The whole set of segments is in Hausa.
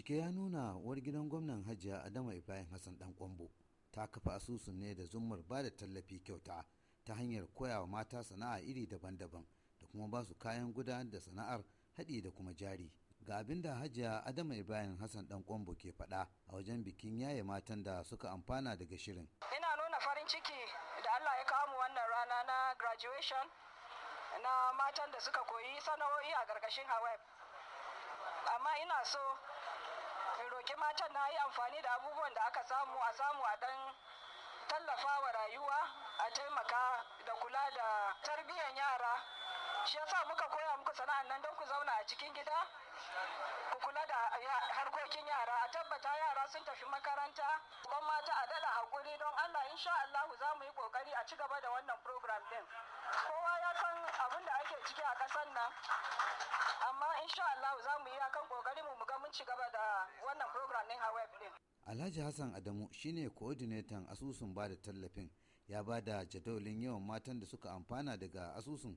bincike ya nuna uwar gidan gwamnan hajiya adama ibrahim hassan dan kwambo ta kafa asusun ne da zummar ba da tallafi kyauta ta hanyar koya wa mata sana'a iri daban-daban da kuma ba su kayan gudanar da sana'ar haɗi da kuma jari ga abin da hajiya adama ibrahim hassan dan kwambo ke faɗa a wajen bikin yaye matan da suka amfana daga shirin ina nuna farin ciki da allah ya kawo mu wannan rana na graduation na matan da suka koyi sana'o'i a ƙarƙashin hawaii amma ina so in roki matan na yi amfani da abubuwan da aka samu a samu a dan tallafa wa rayuwa a taimaka da kula da tarbiyyar yara shi yasa muka koya muku sana'an nan don ku zauna a cikin gida ku kula da harkokin yara a tabbata yara sun tafi makaranta kuma mata a dada hakuri don Allah insha Allah za mu yi kokari a ci gaba da wannan program din kowa ya san abin da ake ciki a kasan nan amma insha Allah za mu yi akan kokari mu ga mun ci gaba da wannan program din Haweb din Alhaji Hassan Adamu shine coordinator asusun bada tallafin ya ba da jadawalin yawan matan da suka amfana daga asusun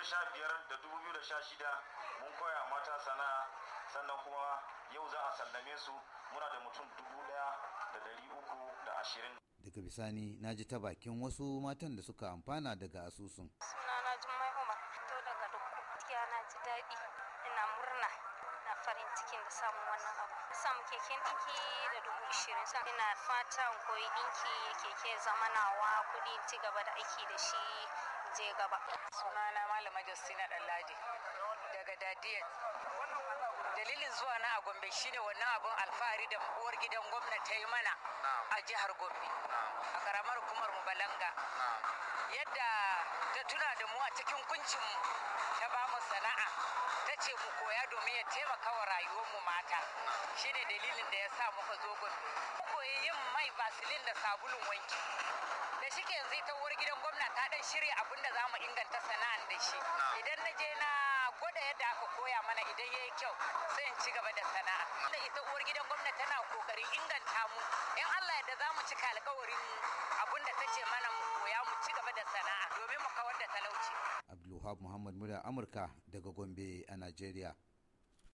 2015 da 2016 mun koya mata sana'a sannan kuma yau za a sallame su muna da mutum 1,320 daga bisani na ji ta bakin wasu matan da suka amfana daga asusun sunana jummai umar to daga dukku gaskiya na ji daɗi ina murna na farin cikin da samun wannan abu samun keken ɗinki da dubu ishirin ina fatan koyi ɗinki keke zamanawa kuɗi ci gaba da aiki da shi je gaba sunana malama justina ɗanladi daga dadiyan dalilin zuwa na a gombe shine wannan abun alfahari da uwar gidan gwamna ta yi mana a jihar gombe a karamar hukumar mu balanga yadda ta tuna da mu a cikin kuncin mu ta ba mu sana'a ta ce mu koya domin ya taimaka wa rayuwar mu mata shine dalilin da ya sa muka zo gombe koyi yin mai basilin da sabulun wanki da shike yanzu ta uwar gidan gwamna ta dan shirya abin da za mu inganta sana'an da shi idan na je na gwada yadda aka koya mana idan ya yi kyau sai in ci gaba da sana'a da ita uwar gidan gwamna tana kokarin inganta mu in Allah da za mu cika alkawarin abin da ta ce mana mu koya mu ci gaba da sana'a domin mu kawar da talauci Abdulwahab Muhammad Murya Amurka daga Gombe a nigeria.